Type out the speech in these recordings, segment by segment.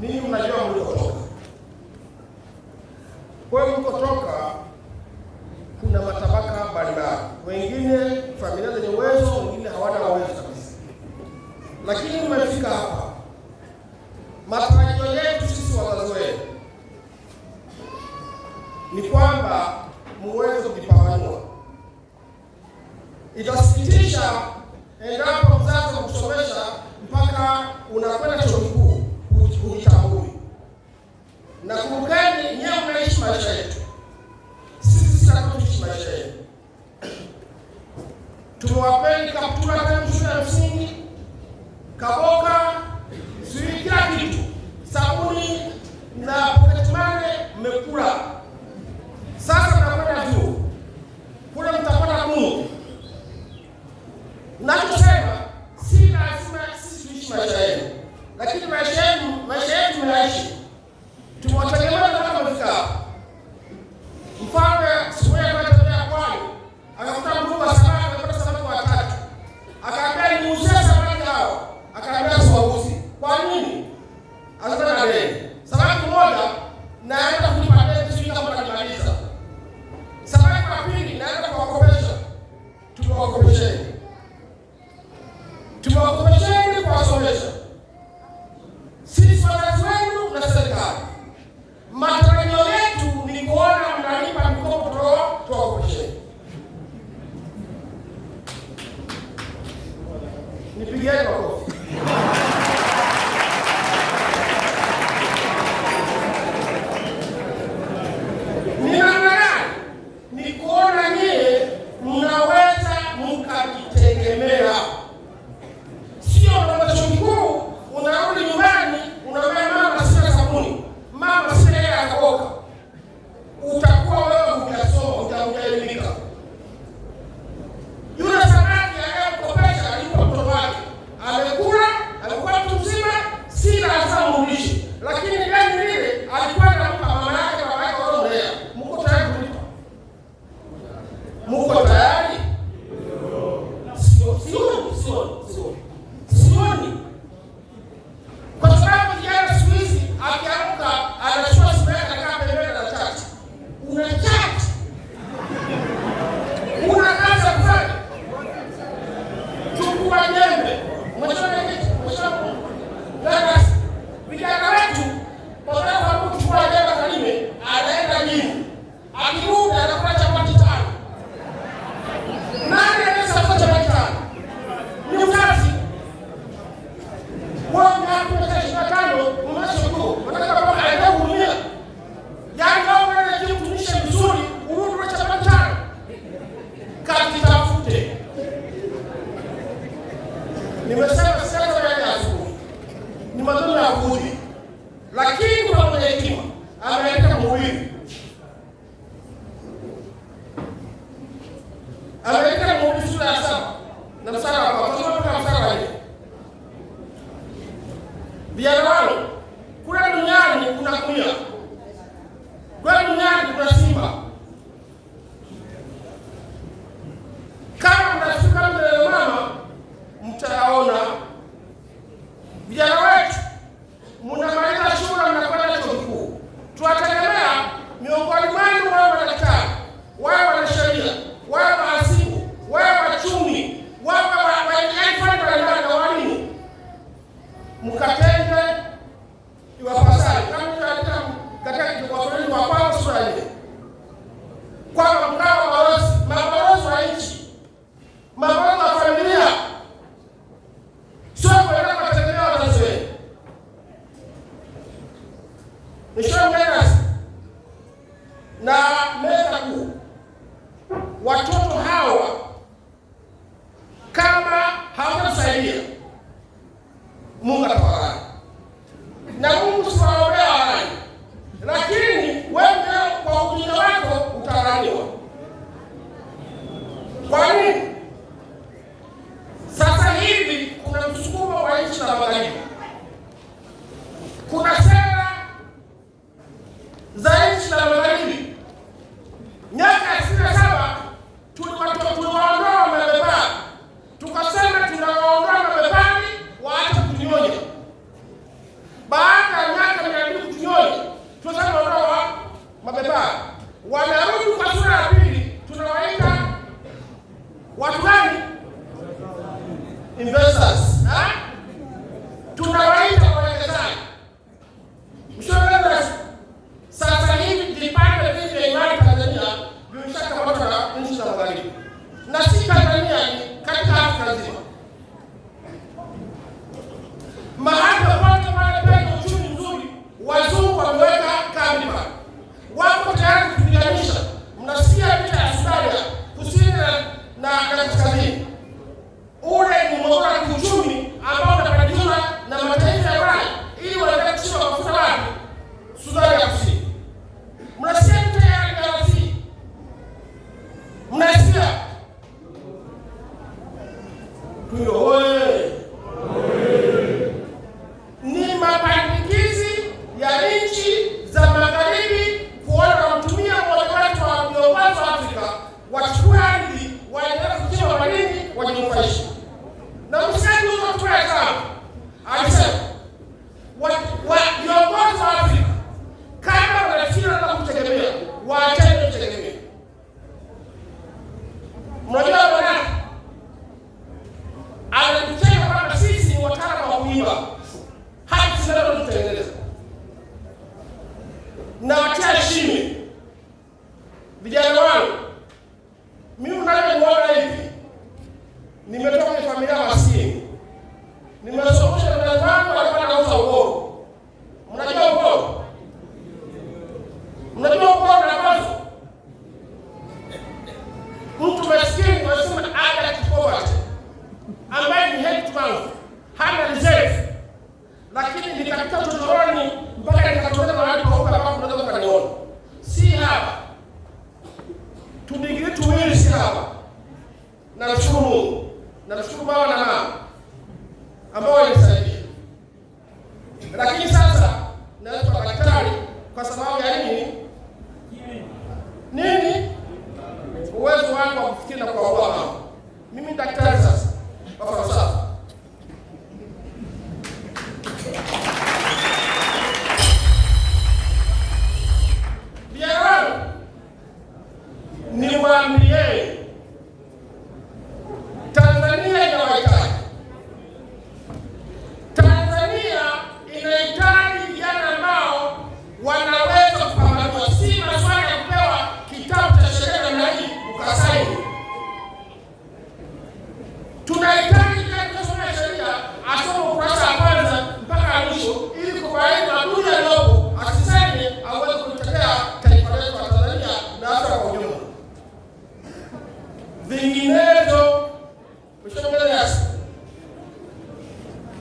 ninyi mnajua mlikotoka. Kwa hiyo mlikotoka kuna matabaka mbalimbali, wengine familia zenye uwezo, wengine hawana uwezo kabisa, lakini mmefika hapa. Matarajio yetu sisi wazazi wenu ni kwamba muweze kujipambanua. Itasikitisha endapo mzazi wa kusomesha mpaka unakwenda chuo na kumbukeni, nyewe mnaishi maisha yetu, sisi tunaishi maisha yetu. Tumewapeni kaptura tangu shule ya msingi, kaboka sijui kila kitu, sabuni na pocket money mmekula. Sasa mnakwenda juu kule, mtapata Mungu. Nachosema si lazima sisi tuishi maisha yetu, lakini maisha yetu maisha yetu mnaishi tumewategemea mpaka tumefika hapa. Mfalme siku ile akatembea akakuta mvuvi wa samaki samaki watatu, akaambia nimuuzie samaki hao, akaambia siwauzi. Kwa nini? Asema na deni samaki moja naenda kulipa deni, sijui kama Samaki wa pili naenda kuwakopesha, tumewakopesheni This one. అలాగే ఇక్కడ మూడు రాస్తాం నమస్కారం Lakini sasa naweza tukabaki kwa sababu ya nini?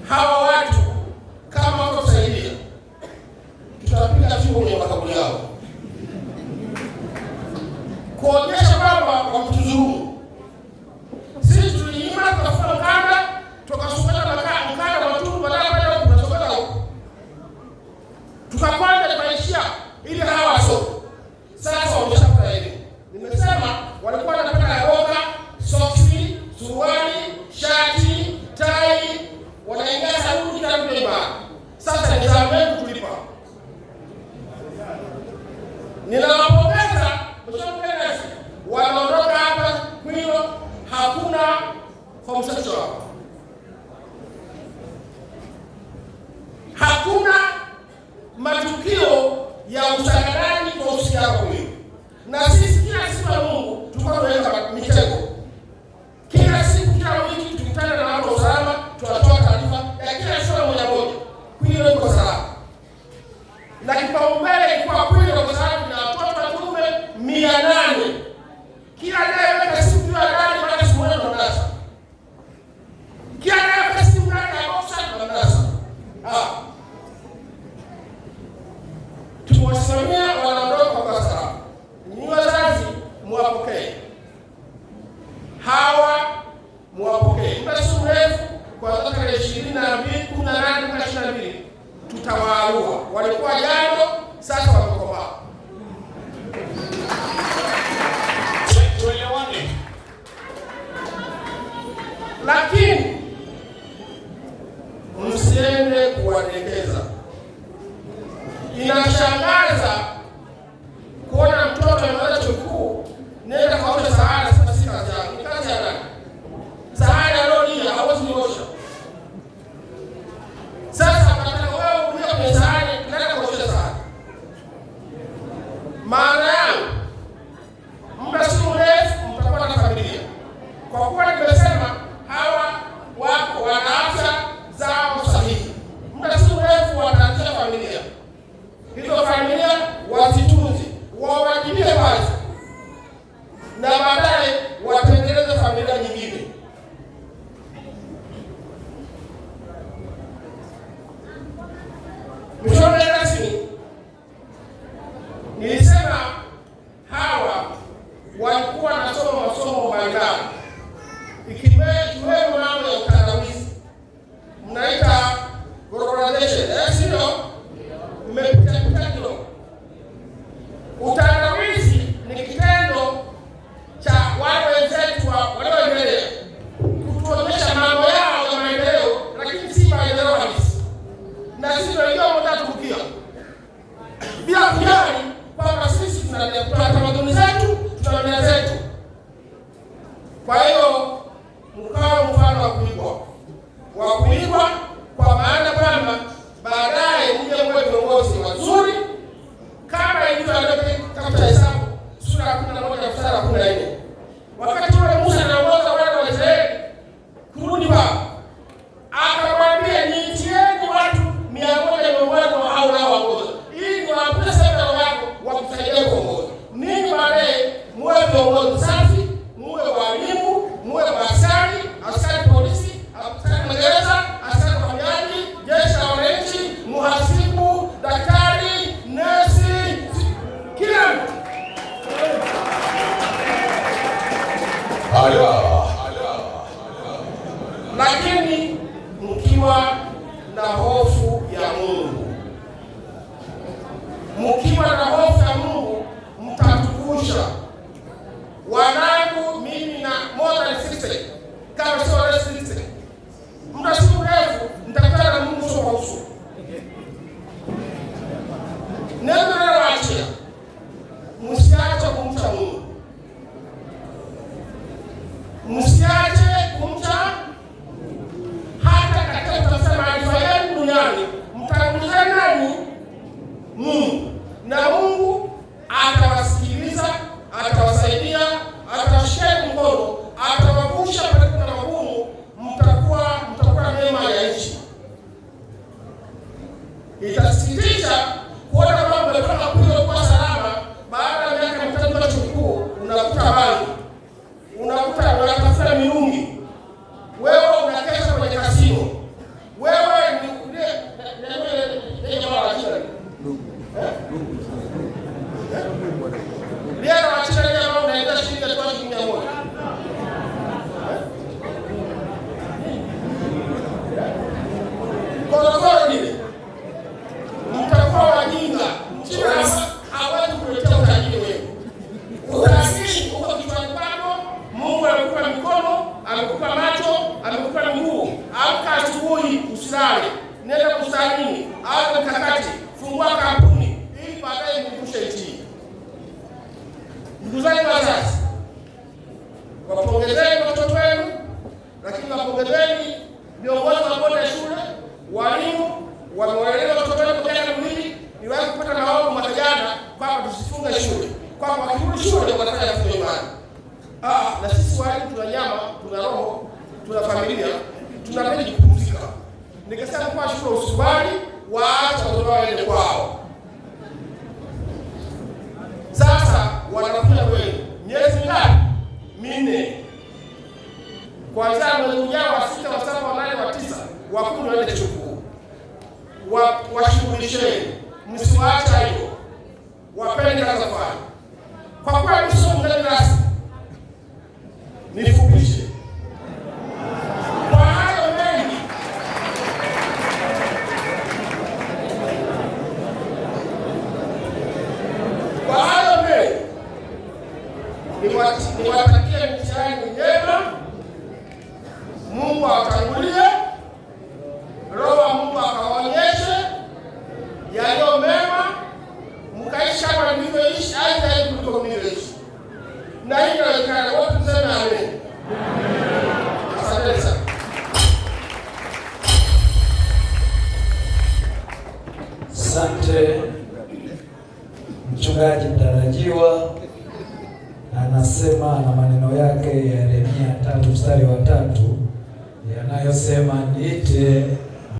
How kuanzia tarehe ishirini na mbili kumi na nane mpaka ishirini na mbili Walikuwa jalo, sasa wamekomaa. lakini msiende kuwadekeza. Inashangaza kuona mstari wa kumi na 아니라 mtumisheni, msiwaacha hivyo, wapende kazi zao. Kwa kweli sio mgeni rasmi